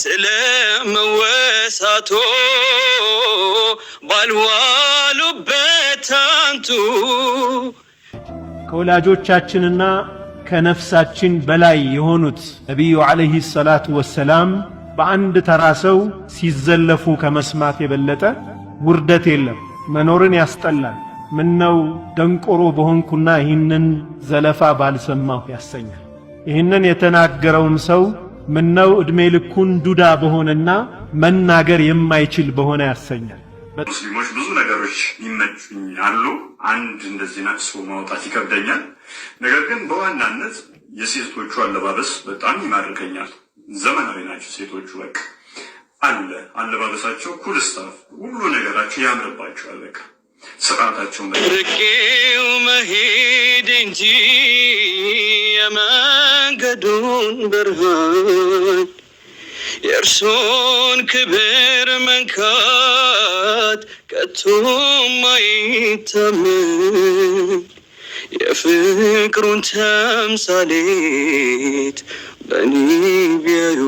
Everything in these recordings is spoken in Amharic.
ስለመወሳቶ ባልዋሉበት አንቱ ከወላጆቻችንና ከነፍሳችን በላይ የሆኑት ነቢዩ ዓለይሂ ሰላቱ ወሰላም በአንድ ተራ ሰው ሲዘለፉ ከመስማት የበለጠ ውርደት የለም። መኖርን ያስጠላል። ምነው ደንቆሮ በሆንኩና ይህንን ዘለፋ ባልሰማሁ ያሰኛል። ይህንን የተናገረውን ሰው ምነው እድሜ ልኩን ዱዳ በሆነና መናገር የማይችል በሆነ ያሰኛል። ሙስሊሞች ብዙ ነገሮች ይመቹኝ አንድ እንደዚህ ነቅሶ ማውጣት ይከብደኛል። ነገር ግን በዋናነት የሴቶቹ አለባበስ በጣም ይማርከኛል። ዘመናዊ ናቸው ሴቶቹ። በቃ አለ አለባበሳቸው፣ ኩልስታፍ፣ ሁሉ ነገራቸው ያምርባቸዋል። በቃ ስርዓታቸውን ርቄው መሄድ እንጂ የመንገዱን ብርሃን የእርሱን ክብር መንካት ከቶም አይታመን። የፍቅሩን ተምሳሌት በእኔ ቢያዩ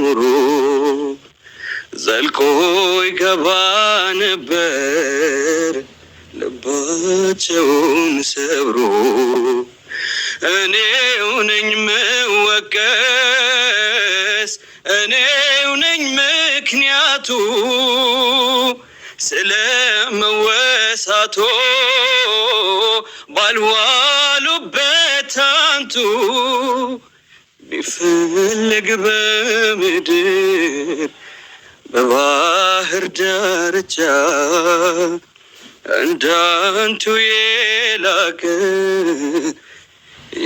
ኑሮ ዘልቆ ይገባ ነበር ልባቸውን ሰብሮ እኔው ነኝ ምወቀስ፣ እኔው ነኝ ምክንያቱ ስለ መወሳቶ ባልዋሉበት አንቱ ሊፈለግ በምድር በባህር ዳርቻ እንዳንቱ የላከ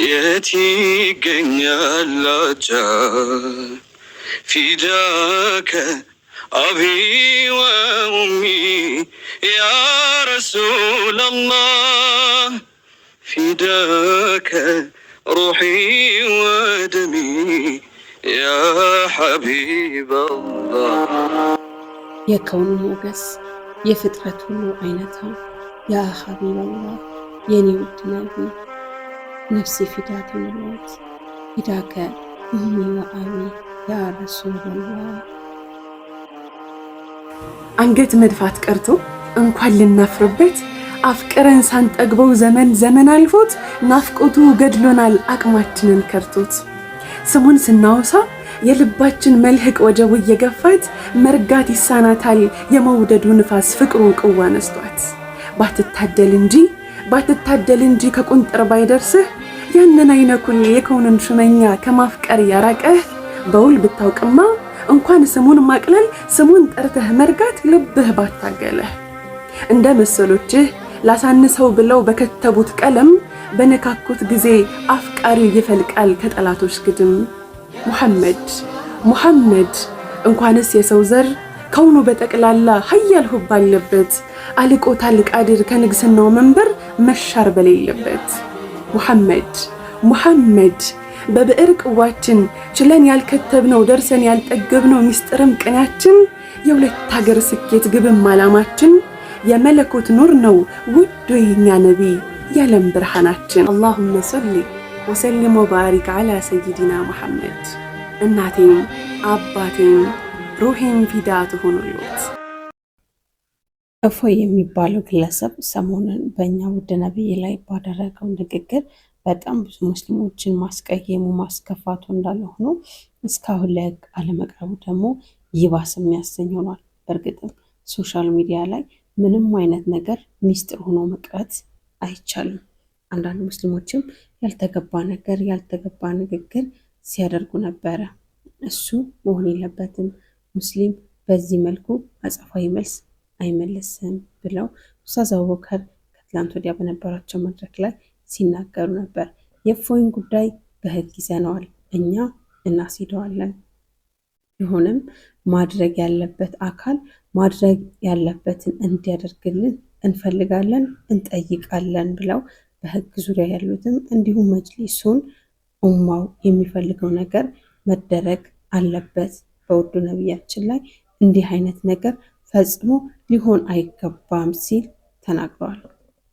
የት ይገኛል አቻ ፊዳከ አቢ ወኡሚ ያ ረሱለላህ ፊዳከ ሩሒ ወደሚ ያ ሐቢበላህ የከውኑ ሞገስ የፍጥረት ሁሉ አይነታ ያ ሐቢበላህ የኔ ውድ ነቢይ ነፍሴ ፊዳ ንለት ፊዳከ እኒ ወአኒ ያ አንገት መድፋት ቀርቶ እንኳን ልናፍርበት አፍቅረን ሳንጠግበው ዘመን ዘመን አልፎት ናፍቆቱ ገድሎናል አቅማችንን ከርቶት ስሙን ስናወሳ የልባችን መልህቅ ወጀቡ እየገፋት መርጋት ይሳናታል የመውደዱ ንፋስ ፍቅሩ ቅዋ ነስቷት ባትታደል እንጂ ባትታደል እንጂ ከቁንጥር ባይደርስህ ያንን አይነኩኝ የከውንን ሽመኛ ከማፍቀር ያራቀህ በውል ብታውቅማ እንኳን ስሙን ማቅለል ስሙን ጠርተህ መርጋት ልብህ ባታገለህ እንደ መሰሎችህ ላሳንሰው ብለው በከተቡት ቀለም በነካኩት ጊዜ አፍቃሪ ይፈልቃል ከጠላቶች ግድም። ሙሐመድ ሙሐመድ እንኳንስ የሰው ዘር ከውኑ በጠቅላላ ሀያል ሁብ አለበት አልቆታል ቃድር ከንግስናው መንበር መሻር በሌለበት ሙሐመድ ሙሐመድ በብዕር ቅዋችን ችለን ያልከተብነው ደርሰን ያልጠገብነው ምስጢርም ቅኔያችን የሁለት ሀገር ስኬት ግብም ዓላማችን የመለኮት ኑር ነው ውዱ የኛ ነቢይ የዓለም ብርሃናችን። አላሁመ ሰሊ ወሰልም ወባሪክ ዓላ ሰይዲና ሙሐመድ። እናቴም አባቴም ሩሄም ፊዳ ትሆኑልዎት። እፎይ የሚባለው ግለሰብ ሰሞኑን በእኛ ውድ ነብይ ላይ ባደረገው ንግግር በጣም ብዙ ሙስሊሞችን ማስቀየሙ ማስከፋቱ እንዳለ ሆኖ እስካሁን ለህግ አለመቅረቡ ደግሞ ይባስ የሚያሰኝ ሆኗል። በእርግጥም ሶሻል ሚዲያ ላይ ምንም አይነት ነገር ሚስጥር ሆኖ መቅረት አይቻልም። አንዳንድ ሙስሊሞችም ያልተገባ ነገር ያልተገባ ንግግር ሲያደርጉ ነበረ። እሱ መሆን የለበትም። ሙስሊም በዚህ መልኩ አጸፋዊ መልስ አይመልስም ብለው ኡስታዝ አቡበከር ከትላንት ወዲያ በነበራቸው መድረክ ላይ ሲናገሩ ነበር። የእፎይን ጉዳይ በህግ ይዘነዋል፣ እኛ እናስሄደዋለን። ይሁንም ማድረግ ያለበት አካል ማድረግ ያለበትን እንዲያደርግልን እንፈልጋለን፣ እንጠይቃለን ብለው በህግ ዙሪያ ያሉትም እንዲሁም መጅሊሱን ኡማው የሚፈልገው ነገር መደረግ አለበት። በውዱ ነቢያችን ላይ እንዲህ አይነት ነገር ፈጽሞ ሊሆን አይገባም ሲል ተናግረዋል።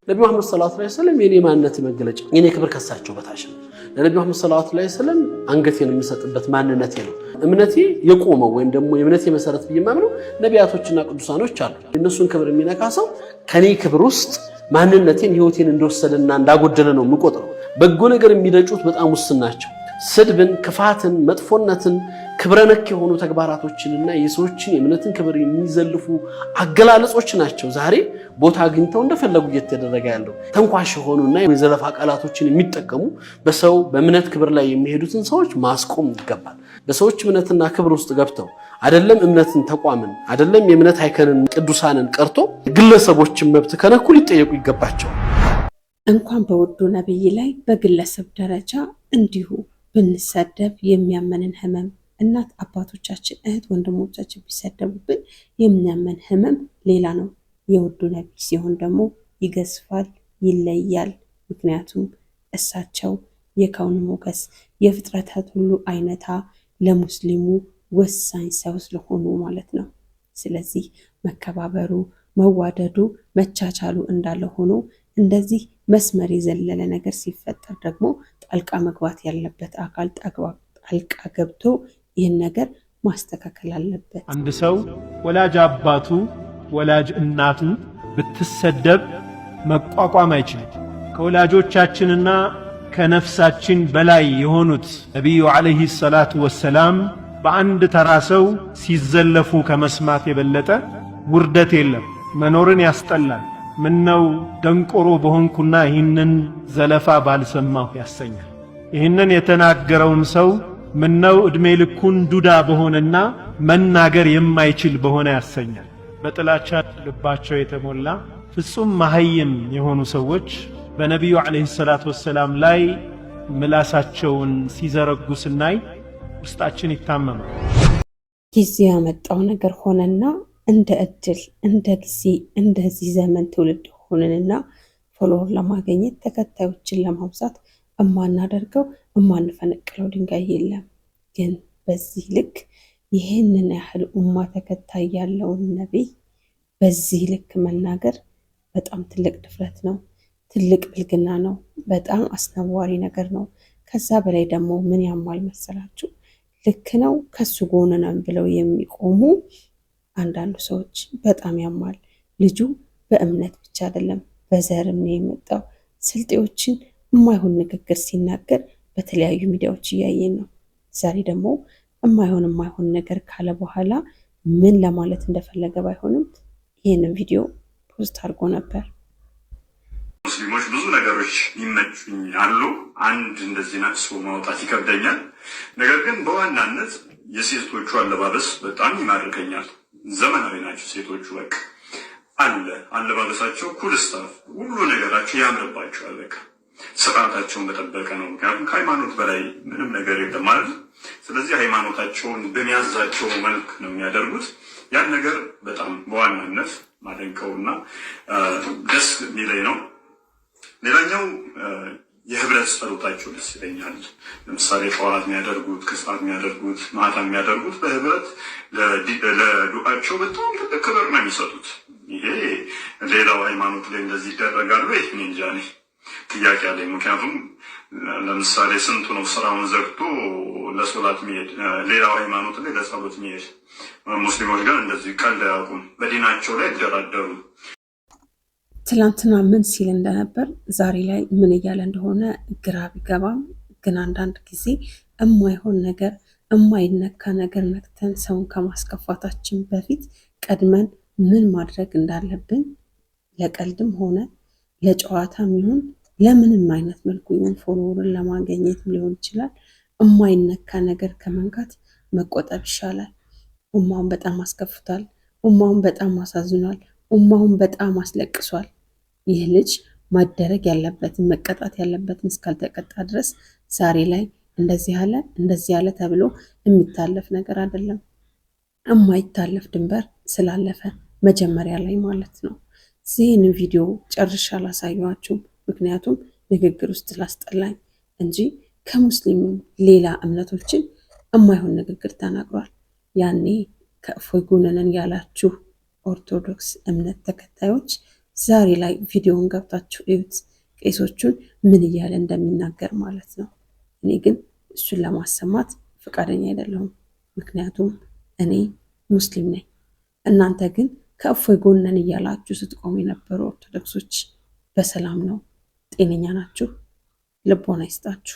ነቢ መሐመድ ሰለላሁ ዐለይሂ ወሰለም የኔ ማንነት መገለጫ የኔ ክብር ከሳቸው በታች ነው። ለነቢ መሐመድ ሰለላሁ ዐለይሂ ወሰለም አንገቴን የምሰጥበት ማንነቴ ነው። እምነቴ የቆመው ወይም ደግሞ የእምነቴ መሰረት ብዬ የማምነው ነቢያቶችና ቅዱሳኖች አሉ። የእነሱን ክብር የሚነካ ሰው ከኔ ክብር ውስጥ ማንነቴን ህይወቴን እንደወሰደና እንዳጎደለ ነው የምቆጥረው። በጎ ነገር የሚረጩት በጣም ውስን ናቸው። ስድብን፣ ክፋትን፣ መጥፎነትን ክብረ ነክ የሆኑ ተግባራቶችንና የሰዎችን የእምነትን ክብር የሚዘልፉ አገላለጾች ናቸው ዛሬ ቦታ አግኝተው እንደፈለጉ እየተደረገ ያለው። ተንኳሽ የሆኑና የዘለፋ ቃላቶችን የሚጠቀሙ በሰው በእምነት ክብር ላይ የሚሄዱትን ሰዎች ማስቆም ይገባል። በሰዎች እምነትና ክብር ውስጥ ገብተው አይደለም እምነትን ተቋምን አይደለም የእምነት አይከንን ቅዱሳንን ቀርቶ ግለሰቦችን መብት ከነኩ ሊጠየቁ ይገባቸው። እንኳን በውዱ ነብይ ላይ በግለሰብ ደረጃ እንዲሁ ብንሰደብ የሚያመንን ህመም እናት አባቶቻችን፣ እህት ወንድሞቻችን ቢሰደቡብን የሚያመን ህመም ሌላ ነው። የውዱ ነቢ ሲሆን ደግሞ ይገዝፋል፣ ይለያል። ምክንያቱም እሳቸው የከውን ሞገስ የፍጥረታት ሁሉ አይነታ ለሙስሊሙ ወሳኝ ሰው ስለሆኑ ማለት ነው። ስለዚህ መከባበሩ፣ መዋደዱ፣ መቻቻሉ እንዳለ ሆኖ እንደዚህ መስመር የዘለለ ነገር ሲፈጠር ደግሞ ጣልቃ መግባት ያለበት አካል ጣልቃ ገብቶ ይህን ነገር ማስተካከል አለበት። አንድ ሰው ወላጅ አባቱ ወላጅ እናቱ ብትሰደብ መቋቋም አይችልም። ከወላጆቻችንና ከነፍሳችን በላይ የሆኑት ነቢዩ ዓለይሂ ሰላቱ ወሰላም በአንድ ተራ ሰው ሲዘለፉ ከመስማት የበለጠ ውርደት የለም። መኖርን ያስጠላል። ምነው ደንቆሮ በሆንኩና ይህንን ዘለፋ ባልሰማሁ ያሰኛል። ይህንን የተናገረውም ሰው ምነው እድሜ ልኩን ዱዳ በሆነና መናገር የማይችል በሆነ ያሰኛል። በጥላቻ ልባቸው የተሞላ ፍጹም ማህይም የሆኑ ሰዎች በነቢዩ ዓለይሂ ሰላቱ ወሰላም ላይ ምላሳቸውን ሲዘረጉ ስናይ ውስጣችን ይታመማል። ጊዜ ያመጣው ነገር ሆነና እንደ እድል እንደ ጊዜ እንደዚህ ዘመን ትውልድ ሆነንና ፎሎወር ለማግኘት ተከታዮችን ለማብዛት እማናደርገው እማንፈነቅለው ድንጋይ የለም። ግን በዚህ ልክ ይህንን ያህል ኡማ ተከታይ ያለውን ነቢይ በዚህ ልክ መናገር በጣም ትልቅ ድፍረት ነው፣ ትልቅ ብልግና ነው፣ በጣም አስነዋሪ ነገር ነው። ከዛ በላይ ደግሞ ምን ያማል መሰላችሁ? ልክ ነው ከሱ ጎን ነን ብለው የሚቆሙ አንዳንዱ ሰዎች በጣም ያማል። ልጁ በእምነት ብቻ አይደለም በዘርም ነው የመጣው። ስልጤዎችን የማይሆን ንግግር ሲናገር በተለያዩ ሚዲያዎች እያየን ነው። ዛሬ ደግሞ እማይሆን የማይሆን ነገር ካለ በኋላ ምን ለማለት እንደፈለገ ባይሆንም ይህንን ቪዲዮ ፖስት አድርጎ ነበር። ሙስሊሞች ብዙ ነገሮች ይመቹኝ አሉ። አንድ እንደዚህ ነቅሶ ማውጣት ይከብደኛል። ነገር ግን በዋናነት የሴቶቹ አለባበስ በጣም ይማርከኛል። ዘመናዊ ናቸው ሴቶቹ። በቃ አለ አለባበሳቸው፣ ኩልስታፍ ሁሉ ነገራቸው ያምርባቸዋል በቃ ስርዓታቸውን በጠበቀ ነው። ምክንያቱም ከሃይማኖት በላይ ምንም ነገር የለም ማለት ነው። ስለዚህ ሃይማኖታቸውን በሚያዛቸው መልክ ነው የሚያደርጉት። ያን ነገር በጣም በዋናነት ማደንቀውና ደስ የሚለኝ ነው። ሌላኛው የህብረት ጸሎታቸው ደስ ይለኛል። ለምሳሌ ጠዋት የሚያደርጉት ከሰዓት የሚያደርጉት ማታ የሚያደርጉት በህብረት ለዱዓቸው በጣም ትልቅ ክብር ነው የሚሰጡት። ይሄ ሌላው ሃይማኖት ላይ እንደዚህ ይደረጋሉ ይህ እኔ እንጃ ጥያቄ አለኝ። ምክንያቱም ለምሳሌ ስንቱ ነው ስራውን ዘግቶ ለሶላት ሚሄድ ሌላው ሃይማኖት ላይ ለጸሎት ሚሄድ ሙስሊሞች ጋር እንደዚህ ቀልድ አያውቁም። በዲናቸው ላይ ይደራደሩ። ትላንትና ምን ሲል እንደነበር ዛሬ ላይ ምን እያለ እንደሆነ ግራ ቢገባም ግን አንዳንድ ጊዜ እማይሆን ነገር እማይነካ ነገር ነክተን ሰውን ከማስከፋታችን በፊት ቀድመን ምን ማድረግ እንዳለብን ለቀልድም ሆነ ለጨዋታም ይሁን ለምንም አይነት መልኩ ይሁን ፎሎወርን ለማገኘትም ሊሆን ይችላል እማይነካ ነገር ከመንካት መቆጠብ ይሻላል። ኡማውን በጣም አስከፍቷል። ኡማውን በጣም አሳዝኗል። ኡማውን በጣም አስለቅሷል። ይህ ልጅ ማደረግ ያለበትን መቀጣት ያለበትን እስካልተቀጣ ድረስ ዛሬ ላይ እንደዚህ አለ እንደዚህ አለ ተብሎ የሚታለፍ ነገር አይደለም። እማይታለፍ ድንበር ስላለፈ መጀመሪያ ላይ ማለት ነው። ይህን ቪዲዮ ጨርሻ አላሳየኋችሁም፣ ምክንያቱም ንግግር ውስጥ ላስጠላኝ እንጂ ከሙስሊም ሌላ እምነቶችን እማይሆን ንግግር ተናግሯል። ያኔ ከእፎይ ጎን ነን ያላችሁ ኦርቶዶክስ እምነት ተከታዮች ዛሬ ላይ ቪዲዮውን ገብታችሁ እዩት፣ ቄሶቹን ምን እያለ እንደሚናገር ማለት ነው። እኔ ግን እሱን ለማሰማት ፈቃደኛ አይደለሁም፣ ምክንያቱም እኔ ሙስሊም ነኝ። እናንተ ግን ከእፎይ ጎነን እያላችሁ ስትቆሙ የነበሩ ኦርቶዶክሶች በሰላም ነው፣ ጤነኛ ናችሁ። ልቦና ይስጣችሁ።